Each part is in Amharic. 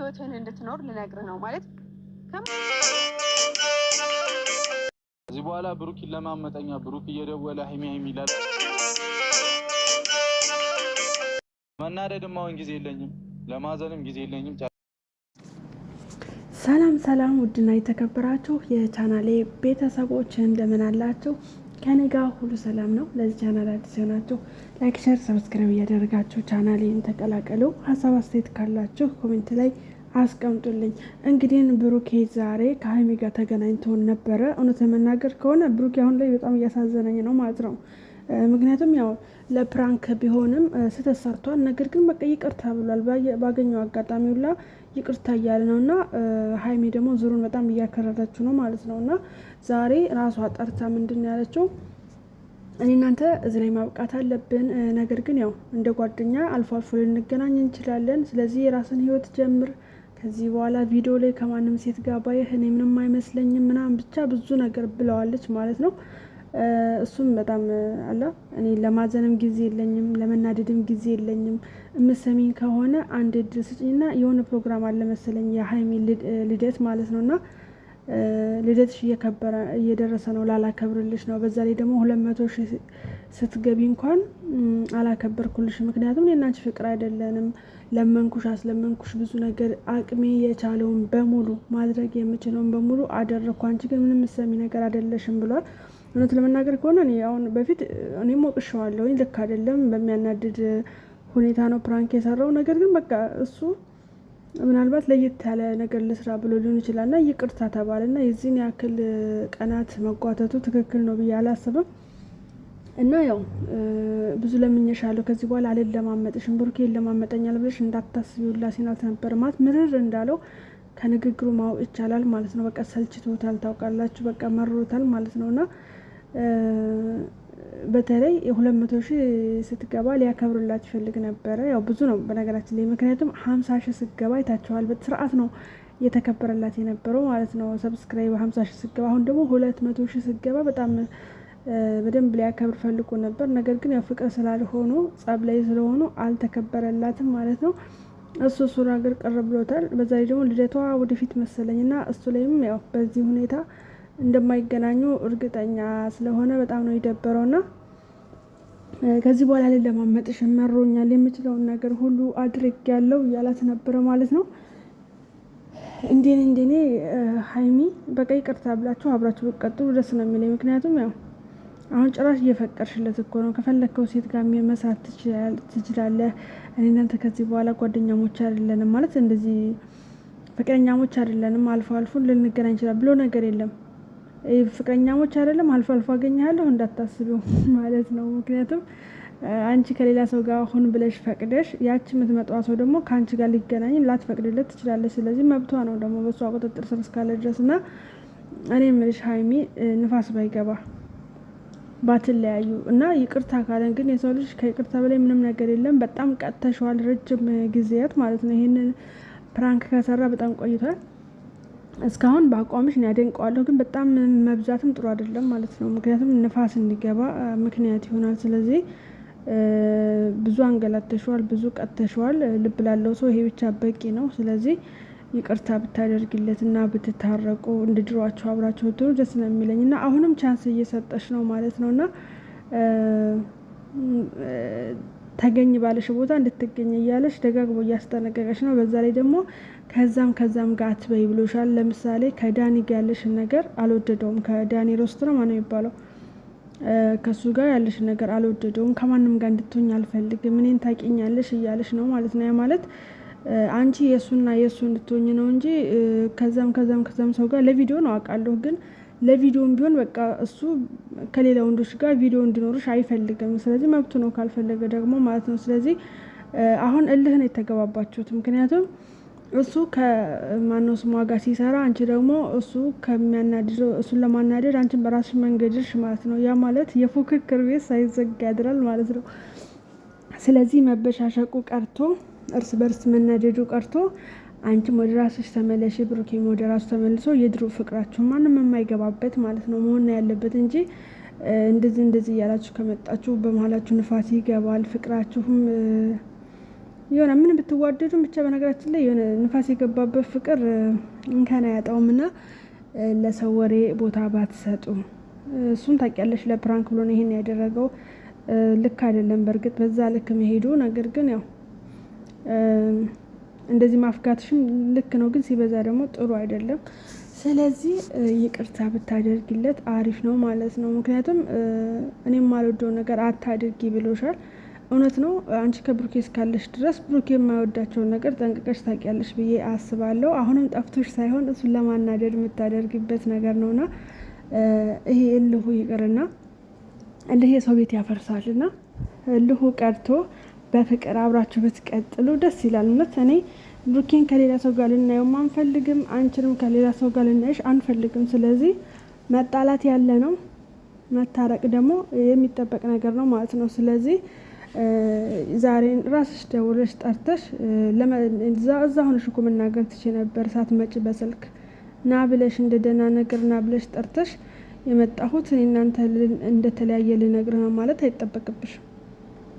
ህይወትህን እንድትኖር ልነግር ነው ማለት ከዚህ በኋላ ብሩክ ለማመጠኛ ብሩክ እየደወለ ሀይሚ ሀይሚ ይላል። መናደድም አሁን ጊዜ የለኝም፣ ለማዘንም ጊዜ የለኝም። ሰላም ሰላም! ውድና የተከበራችሁ የቻናሌ ቤተሰቦች እንደምን አላችሁ? ከኔ ጋር ሁሉ ሰላም ነው። ለዚህ ቻናል አዲስ የሆናችሁ ላይክ፣ ሸር፣ ሰብስክራይብ እያደረጋችሁ ቻናሌን ተቀላቀሉ። ሀሳብ አስተያየት ካላችሁ ኮሜንት ላይ አስቀምጡልኝ። እንግዲህ ብሩኬ ዛሬ ከሀይሚ ጋር ተገናኝቶ ነበረ። እውነት ለመናገር ከሆነ ብሩኬ አሁን ላይ በጣም እያሳዘነኝ ነው ማለት ነው። ምክንያቱም ያው ለፕራንክ ቢሆንም ስህተት ሰርቷል። ነገር ግን በቃ ይቅርታ ብሏል። ባገኘው አጋጣሚ ሁላ ይቅርታ እያለ ነው እና ሀይሚ ደግሞ ዙሩን በጣም እያከረረችው ነው ማለት ነው እና ዛሬ ራሷ ጠርታ ምንድን ያለችው እኔ እናንተ እዚ ላይ ማብቃት አለብን። ነገር ግን ያው እንደ ጓደኛ አልፎ አልፎ ልንገናኝ እንችላለን። ስለዚህ የራስን ህይወት ጀምር ከዚህ በኋላ ቪዲዮ ላይ ከማንም ሴት ጋር ባየህ እኔ ምንም አይመስለኝም ምናምን ብቻ ብዙ ነገር ብለዋለች ማለት ነው። እሱም በጣም አለ። እኔ ለማዘንም ጊዜ የለኝም፣ ለመናደድም ጊዜ የለኝም። እምትሰሚኝ ከሆነ አንድ እድል ስጭኝና የሆነ ፕሮግራም አለ መሰለኝ የሀይሚ ልደት ማለት ነው እና ልደትሽ እየከበረ እየደረሰ ነው፣ ላላከብርልሽ ነው። በዛ ላይ ደግሞ ሁለት መቶ ሺህ ስትገቢ እንኳን አላከበርኩልሽ፣ ምክንያቱም እኔና አንቺ ፍቅር አይደለንም ለመንኩሽ አስለመንኩሽ ብዙ ነገር አቅሜ የቻለውን በሙሉ ማድረግ የምችለውን በሙሉ አደረግኩ። አንቺ ግን ምንም ሰሚ ነገር አይደለሽም ብሏል። እውነት ለመናገር ከሆነ እኔ አሁን በፊት እኔ ወቅሸዋለሁኝ። ልክ አይደለም፣ በሚያናድድ ሁኔታ ነው ፕራንክ የሰራው። ነገር ግን በቃ እሱ ምናልባት ለየት ያለ ነገር ልስራ ብሎ ሊሆን ይችላል እና ይቅርታ ተባለ የዚህን ያክል ቀናት መጓተቱ ትክክል ነው ብዬ አላስብም። እና ያው ብዙ ለምኜሻለሁ። ከዚህ በኋላ አልለማመጥሽም፣ ብሩኬን ይለማመጠኛል ብለሽ እንዳታስቢ ሁላ ሲናት ነበር። ማለት ምርር እንዳለው ከንግግሩ ማወቅ ይቻላል ማለት ነው። በቃ ሰልችቶታል፣ ታውቃላችሁ፣ በቃ መሮታል ማለት ነው። እና በተለይ የሁለት መቶ ሺህ ስትገባ ሊያከብሩላት ይፈልግ ነበረ። ያው ብዙ ነው በነገራችን ላይ ምክንያቱም ሀምሳ ሺህ ስትገባ ይታቸዋል። በስርዓት ነው የተከበረላት የነበረው ማለት ነው። ሰብስክራይብ ሀምሳ ሺህ ስትገባ፣ አሁን ደግሞ ሁለት መቶ ሺህ ስትገባ በጣም በደንብ ሊያከብር ፈልጎ ነበር። ነገር ግን ያው ፍቅር ስላልሆኑ ጸብ ላይ ስለሆኑ አልተከበረላትም ማለት ነው። እሱ እሱ ነገር ቅር ብሎታል። በዛ ላይ ደግሞ ልደቷ ወደፊት መሰለኝ እና እሱ ላይም ያው በዚህ ሁኔታ እንደማይገናኙ እርግጠኛ ስለሆነ በጣም ነው የደበረው እና ከዚህ በኋላ ላይ ለማመጥሽ መሮኛል፣ የምችለውን ነገር ሁሉ አድርግ ያለው እያላት ነበረ ማለት ነው። እንዴኔ እንዴኔ ሀይሚ በቃ ይቅርታ ብላችሁ አብራችሁ ብቀጥሉ ደስ ነው የሚለኝ ምክንያቱም ያው አሁን ጭራሽ እየፈቀድሽለት እኮ ነው። ከፈለግከው ሴት ጋር መስራት ትችላለህ። እኔ እናንተ ከዚህ በኋላ ጓደኛሞች አይደለንም ማለት እንደዚህ ፍቅረኛሞች አይደለንም፣ አልፎ አልፎ ልንገናኝ ይችላል ብሎ ነገር የለም። ፍቅረኛሞች አይደለም፣ አልፎ አልፎ አገኘሃለሁ እንዳታስበው ማለት ነው። ምክንያቱም አንቺ ከሌላ ሰው ጋር ሁን ብለሽ ፈቅደሽ ያቺ የምትመጣዋ ሰው ደግሞ ከአንቺ ጋር ሊገናኝ ላትፈቅድለት ትችላለች። ስለዚህ መብቷ ነው ደግሞ በእሷ ቁጥጥር ስር እስካለ ድረስ እና እኔ የምልሽ ሀይሚ ንፋስ ባይገባ ባትለያዩ እና ይቅርታ ካለን ግን የሰው ልጅ ከይቅርታ በላይ ምንም ነገር የለም። በጣም ቀጥተሸዋል፣ ረጅም ጊዜያት ማለት ነው። ይህንን ፕራንክ ከሰራ በጣም ቆይቷል። እስካሁን በአቋምሽ እኔ አደንቀዋለሁ፣ ግን በጣም መብዛትም ጥሩ አይደለም ማለት ነው። ምክንያቱም ንፋስ እንዲገባ ምክንያት ይሆናል። ስለዚህ ብዙ አንገላተሸዋል፣ ብዙ ቀጥተሸዋል። ልብ ላለው ሰው ይሄ ብቻ በቂ ነው። ስለዚህ ይቅርታ ብታደርግለት እና ብትታረቁ እንደ ድሯችሁ አብራችሁ ብትሆኑ ደስ ነው የሚለኝ እና አሁንም ቻንስ እየሰጠች ነው ማለት ነው እና ተገኝ ባለሽ ቦታ እንድትገኝ እያለች ደጋግሞ እያስጠነቀቀች ነው። በዛ ላይ ደግሞ ከዛም ከዛም ጋር አትበይ ብሎሻል። ለምሳሌ ከዳኒ ጋር ያለሽን ነገር አልወደደውም። ከዳኒ ሮስት ነው ማነው የሚባለው? ከእሱ ጋር ያለሽን ነገር አልወደደውም። ከማንም ጋር እንድትሆኝ አልፈልግም፣ እኔን ታውቂኛለሽ እያለሽ ነው ማለት ነው ያ ማለት አንቺ የእሱና የእሱ እንድትሆኝ ነው እንጂ ከዛም ከዛም ከዛም ሰው ጋር ለቪዲዮ ነው አውቃለሁ፣ ግን ለቪዲዮም ቢሆን በቃ እሱ ከሌላ ወንዶች ጋር ቪዲዮ እንዲኖርሽ አይፈልግም። ስለዚህ መብቱ ነው ካልፈለገ ደግሞ ማለት ነው። ስለዚህ አሁን እልህ ነው የተገባባችሁት። ምክንያቱም እሱ ከማነው ስሟ ጋር ሲሰራ አንቺ ደግሞ እሱ ከሚያናድድ እሱን ለማናደድ አንቺን በራስሽ መንገድሽ ማለት ነው። ያ ማለት የፉክክር ቤት ሳይዘጋ ያድራል ማለት ነው። ስለዚህ መበሻሸቁ ቀርቶ እርስ በርስ መናደዱ ቀርቶ አንቺም ወደ ራስሽ ተመለሽ፣ ብሩኬም ወደ ራሱ ተመልሶ የድሮ ፍቅራችሁ ማንም የማይገባበት ማለት ነው መሆን ያለበት እንጂ እንደዚህ እንደዚህ እያላችሁ ከመጣችሁ በመሀላችሁ ንፋስ ይገባል። ፍቅራችሁም የሆነ ምን ብትዋደዱም ብቻ በነገራችን ላይ የሆነ ንፋስ የገባበት ፍቅር እንከን አያጣውም ና ለሰው ወሬ ቦታ ባትሰጡ። እሱን ታውቂያለሽ፣ ለፕራንክ ብሎ ነው ይሄን ያደረገው። ልክ አይደለም በእርግጥ በዛ ልክ መሄዱ ነገር ግን ያው እንደዚህ ማፍጋትሽም ልክ ነው፣ ግን ሲበዛ ደግሞ ጥሩ አይደለም። ስለዚህ ይቅርታ ብታደርግለት አሪፍ ነው ማለት ነው። ምክንያቱም እኔ የማልወደው ነገር አታድርጊ ብሎሻል። እውነት ነው። አንቺ ከብሩኬ እስካለሽ ድረስ ብሩኬ የማይወዳቸውን ነገር ጠንቅቀሽ ታውቂያለሽ ብዬ አስባለሁ። አሁንም ጠፍቶሽ ሳይሆን እሱን ለማናደድ የምታደርግበት ነገር ነውና ይሄ እልሁ ይቅርና እንዲህ የሰው ቤት ያፈርሳልና እልሁ ቀርቶ በፍቅር አብራችሁ ብትቀጥሉ ደስ ይላል። እውነት እኔ ብሩኬን ከሌላ ሰው ጋር ልናየውም አንፈልግም፣ አንችንም ከሌላ ሰው ጋር ልናየሽ አንፈልግም። ስለዚህ መጣላት ያለ ነው፣ መታረቅ ደግሞ የሚጠበቅ ነገር ነው ማለት ነው። ስለዚህ ዛሬን ራስሽ ደውለሽ ጠርተሽ እዛ ሆነሽ እኮ መናገር ትች ነበር። ሳትመጪ በስልክ ና ብለሽ እንደ ደህና ነገር ና ብለሽ ጠርተሽ የመጣሁት እናንተ እንደተለያየ ልነግር ነው ማለት አይጠበቅብሽም።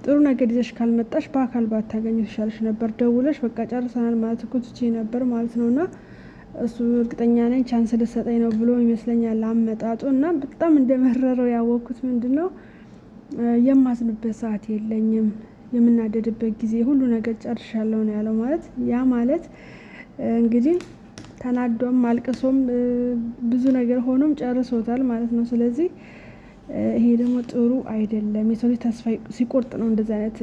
ጥሩ ነገር ይዘሽ ካልመጣሽ በአካል ባታገኙ ተሻለሽ ነበር። ደውለሽ በቃ ጨርሰናል ማለት እኮ ትቼ ነበር ማለት ነው። እና እሱ እርግጠኛ ነኝ ቻንስ ልሰጠኝ ነው ብሎ ይመስለኛል አመጣጡ። እና በጣም እንደመረረው ያወቅኩት ምንድን ነው የማዝንበት ሰዓት የለኝም፣ የምናደድበት ጊዜ ሁሉ ነገር ጨርሻለሁ ነው ያለው። ማለት ያ ማለት እንግዲህ ተናዶም አልቅሶም ብዙ ነገር ሆኖም ጨርሶታል ማለት ነው። ስለዚህ ይሄ ደግሞ ጥሩ አይደለም። የሰው ልጅ ተስፋ ሲቆርጥ ነው እንደዚህ አይነት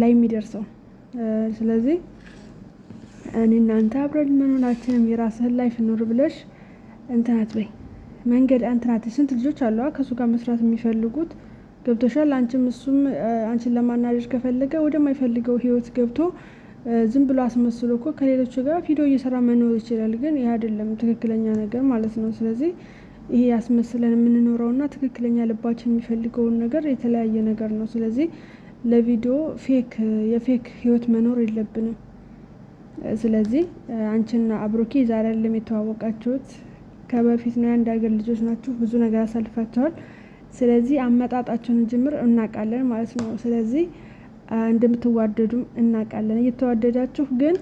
ላይ የሚደርሰው። ስለዚህ እኔ እናንተ አብረን መኖራችንም የራስህን ላይፍ ኑር ብለሽ እንትናት በይ መንገድ እንትናት ስንት ልጆች አለዋ ከእሱ ጋር መስራት የሚፈልጉት ገብቶሻል። አንቺም እሱም አንቺን ለማናደድ ከፈለገ ወደማይፈልገው ህይወት ገብቶ ዝም ብሎ አስመስሎ እኮ ከሌሎቹ ጋር ቪዲዮ እየሰራ መኖር ይችላል። ግን ይህ አይደለም ትክክለኛ ነገር ማለት ነው። ስለዚህ ይሄ ያስመስለን የምንኖረው ና ትክክለኛ ልባችን የሚፈልገውን ነገር የተለያየ ነገር ነው። ስለዚህ ለቪዲዮ ፌክ የፌክ ህይወት መኖር የለብንም። ስለዚህ አንቺና አብሮኬ ዛሬ አይደለም የተዋወቃችሁት፣ ከበፊት ነው። የአንድ ሀገር ልጆች ናችሁ፣ ብዙ ነገር አሳልፋችኋል። ስለዚህ አመጣጣችሁን ጅምር እናውቃለን ማለት ነው። ስለዚህ እንደምትዋደዱም እናቃለን እየተዋደዳችሁ ግን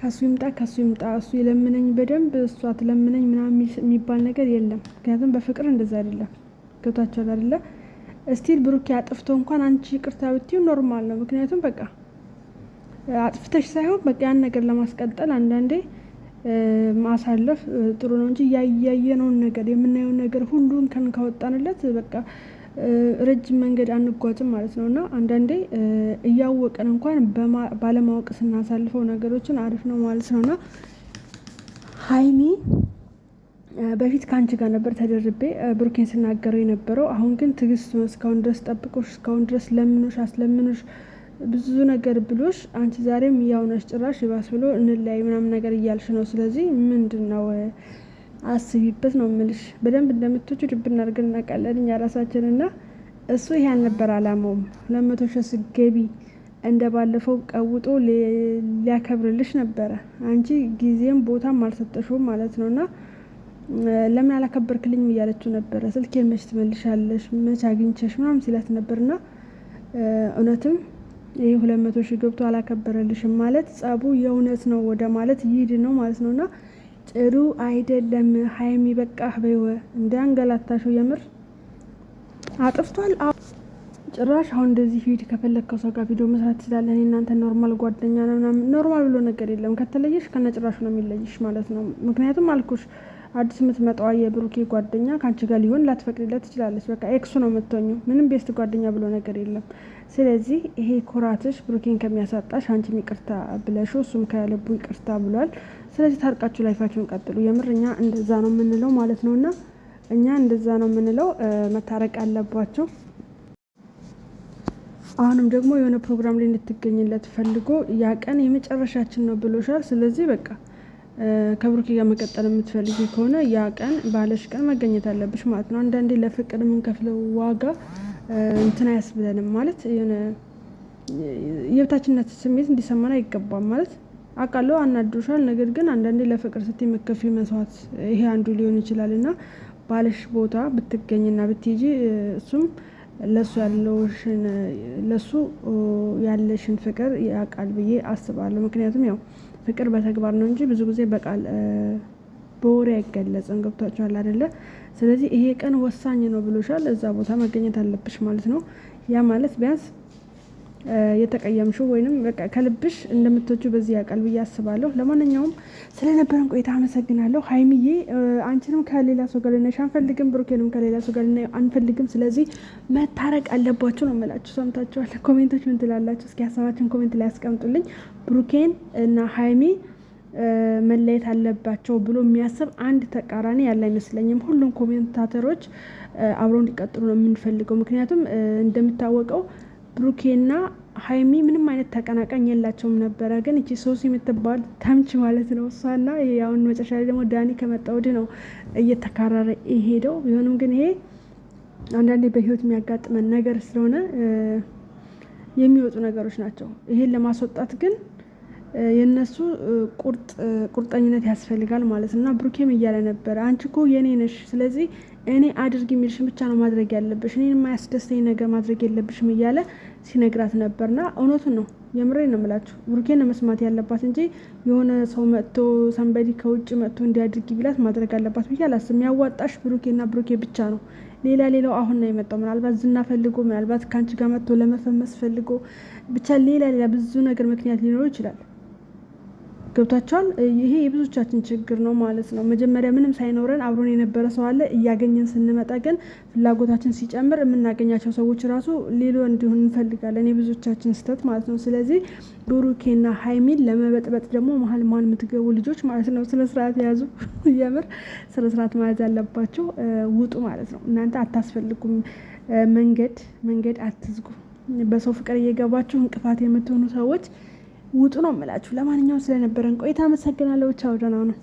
ከሱ ይምጣ ከሱ ይምጣ እሱ ይለምነኝ በደንብ እሷ ትለምነኝ ምናምን የሚባል ነገር የለም። ምክንያቱም በፍቅር እንደዛ አይደለም። ገብታችኋል አይደለ? እስቲል ብሩኬ አጥፍቶ እንኳን አንቺ ይቅርታ ብትይው ኖርማል ነው። ምክንያቱም በቃ አጥፍተሽ ሳይሆን በቃ ያን ነገር ለማስቀጠል አንዳንዴ ማሳለፍ ጥሩ ነው እንጂ ያያየነውን ነገር የምናየውን ነገር ሁሉን ከን ካወጣንለት በቃ ረጅም መንገድ አንጓዝም ማለት ነው እና አንዳንዴ እያወቅን እንኳን ባለማወቅ ስናሳልፈው ነገሮችን አሪፍ ነው ማለት ነው እና ሀይሚ በፊት ከአንቺ ጋር ነበር ተደርቤ ብሩኬን ስናገረው የነበረው አሁን ግን ትግስት ነው እስካሁን ድረስ ጠብቆሽ እስካሁን ድረስ ለምኖሽ አስለምኖሽ ብዙ ነገር ብሎሽ አንቺ ዛሬም ያውነሽ ጭራሽ ይባስ ብሎ እንለያይ ምናምን ነገር እያልሽ ነው ስለዚህ ምንድን ነው አስቢበት ነው ምልሽ። በደንብ እንደምትቹ ድብን አድርገን እናውቃለን እኛ ራሳችን እና እሱ ይሄ አልነበር አላማውም። ለመቶ ሺህ ስገቢ እንደ ባለፈው ቀውጦ ሊያከብርልሽ ነበረ። አንቺ ጊዜም ቦታም አልሰጠሽውም ማለት ነው እና ለምን አላከበርክልኝም እያለችው ነበረ። ስልኬን መች ትመልሻለሽ፣ መች አግኝቸሽ ምናምን ሲላት ነበር ነበርና እውነትም ይህ ሁለት መቶ ሺህ ገብቶ አላከበረልሽም ማለት ጸቡ የእውነት ነው ወደ ማለት ይሂድ ነው ማለት ነው ነውና ጥሩ አይደለም። ሀይሚ በቃ በይወ እንደ አንገላታሹ የምር አጥፍቷል። ጭራሽ አሁን እንደዚህ ሂድ ከፈለግከው ሰው ጋር ቪዲዮ መስራት ትችላለን። እናንተ ኖርማል ጓደኛ ነው ምናምን ኖርማል ብሎ ነገር የለም። ከተለየሽ ከነ ጭራሽ ነው የሚለይሽ ማለት ነው። ምክንያቱም አልኩሽ አዲስ የምትመጣዋ የብሩኬ ጓደኛ ከአንቺ ጋር ሊሆን ላትፈቅድለት ትችላለች። በቃ ኤክሱ ነው የምትኙ። ምንም ቤስት ጓደኛ ብሎ ነገር የለም። ስለዚህ ይሄ ኩራትሽ ብሩኬን ከሚያሳጣሽ አንቺም ይቅርታ ብለሽ እሱም ከልቡ ይቅርታ ብሏል። ስለዚህ ታርቃችሁ ላይፋችሁን ቀጥሉ። የምር እኛ እንደዛ ነው የምንለው ማለት ነው እና እኛ እንደዛ ነው የምንለው። መታረቅ አለባቸው። አሁንም ደግሞ የሆነ ፕሮግራም ላይ እንድትገኝለት ፈልጎ ያ ቀን የመጨረሻችን ነው ብሎሻል። ስለዚህ በቃ ከብሩኬ ጋር መቀጠል የምትፈልጊ ከሆነ ያ ቀን ባለሽ ቀን መገኘት አለብሽ ማለት ነው። አንዳንዴ ለፍቅር የምንከፍለው ዋጋ እንትን አያስብለንም ማለት የሆነ የበታችነት ስሜት እንዲሰማን አይገባም ማለት አውቃለሁ አናዶሻል። ነገር ግን አንዳንዴ ለፍቅር ስትይ የምትከፍይው መስዋዕት ይሄ አንዱ ሊሆን ይችላል እና ባለሽ ቦታ ብትገኝና ብትሄጂ እሱም ለሱ ያለውሽን ለሱ ያለሽን ፍቅር ያውቃል ብዬ አስባለሁ። ምክንያቱም ያው ፍቅር በተግባር ነው እንጂ ብዙ ጊዜ በቃል በወሬ አይገለጽም። ገብቷችኋል አደለ? ስለዚህ ይሄ ቀን ወሳኝ ነው ብሎሻል፣ እዛ ቦታ መገኘት አለብሽ ማለት ነው። ያ ማለት ቢያንስ የተቀየምሽው ወይንም በቃ ከልብሽ እንደምትወጁ በዚህ ያውቃል ብዬ አስባለሁ። ለማንኛውም ስለነበረን ቆይታ አመሰግናለሁ። ሀይሚዬ አንቺንም ከሌላ ሰው ጋር ልናይሽ አንፈልግም፣ ብሩኬንም ከሌላ ሰው ጋር ልናይ አንፈልግም። ስለዚህ መታረቅ አለባቸው ነው የምላችሁ። ሰምታችኋል። ኮሜንቶች ምን ትላላችሁ? እስኪ ሀሳባችን ኮሜንት ላይ ያስቀምጡልኝ። ብሩኬን እና ሀይሚ መለየት አለባቸው ብሎ የሚያስብ አንድ ተቃራኒ ያለ አይመስለኝም። ሁሉም ኮሜንታተሮች አብረው እንዲቀጥሉ ነው የምንፈልገው። ምክንያቱም እንደሚታወቀው ብሩኬና ሀይሚ ምንም አይነት ተቀናቃኝ የላቸውም ነበረ። ግን እቺ ሶስ የምትባል ተምች ማለት ነው እሷና አሁን መጨረሻ ላይ ደግሞ ዳኒ ከመጣ ወዲህ ነው እየተካረረ ይሄደው ቢሆንም ግን ይሄ አንዳንዴ በህይወት የሚያጋጥመን ነገር ስለሆነ የሚወጡ ነገሮች ናቸው። ይሄን ለማስወጣት ግን የእነሱ ቁርጠኝነት ያስፈልጋል ማለት ነው። እና ብሩኬም እያለ ነበረ አንቺ እኮ የኔ ነሽ፣ ስለዚህ እኔ አድርግ የሚልሽን ብቻ ነው ማድረግ ያለብሽ፣ እኔን የማያስደስተኝ ነገር ማድረግ የለብሽም እያለ ሲነግራት ነበር። ነበርና እውነቱን ነው። የምሬ ነው ምላችሁ፣ ብሩኬን መስማት ያለባት እንጂ የሆነ ሰው መጥቶ ሰንበዲ ከውጭ መጥቶ እንዲያድርግ ቢላት ማድረግ አለባት ብዬ አላስብም። ያዋጣሽ ብሩኬና ብሩኬ ብቻ ነው። ሌላ ሌላው አሁን ነው የመጣው። ምናልባት ዝና ፈልጎ ምናልባት ከአንቺ ጋር መጥቶ ለመፈመስ ፈልጎ ብቻ ሌላ ሌላ ብዙ ነገር ምክንያት ሊኖረው ይችላል። ገብቷቸዋል። ይሄ የብዙዎቻችን ችግር ነው ማለት ነው። መጀመሪያ ምንም ሳይኖረን አብሮን የነበረ ሰው አለ። እያገኘን ስንመጣ ግን ፍላጎታችን ሲጨምር የምናገኛቸው ሰዎች ራሱ ሌሎ እንዲሆን እንፈልጋለን። የብዙቻችን ስህተት ማለት ነው። ስለዚህ ብሩኬና ሀይሚን ለመበጥበጥ ደግሞ መሀል ማን የምትገቡ ልጆች ማለት ነው፣ ስነ ስርዓት የያዙ የምር ስነ ስርዓት መያዝ ያለባቸው ውጡ ማለት ነው። እናንተ አታስፈልጉም። መንገድ መንገድ አትዝጉ። በሰው ፍቅር እየገባችሁ እንቅፋት የምትሆኑ ሰዎች ውጡ ነው የምላችሁ። ለማንኛውም ስለነበረን ቆይታ አመሰግናለሁ። ቻው፣ ደህና ነው።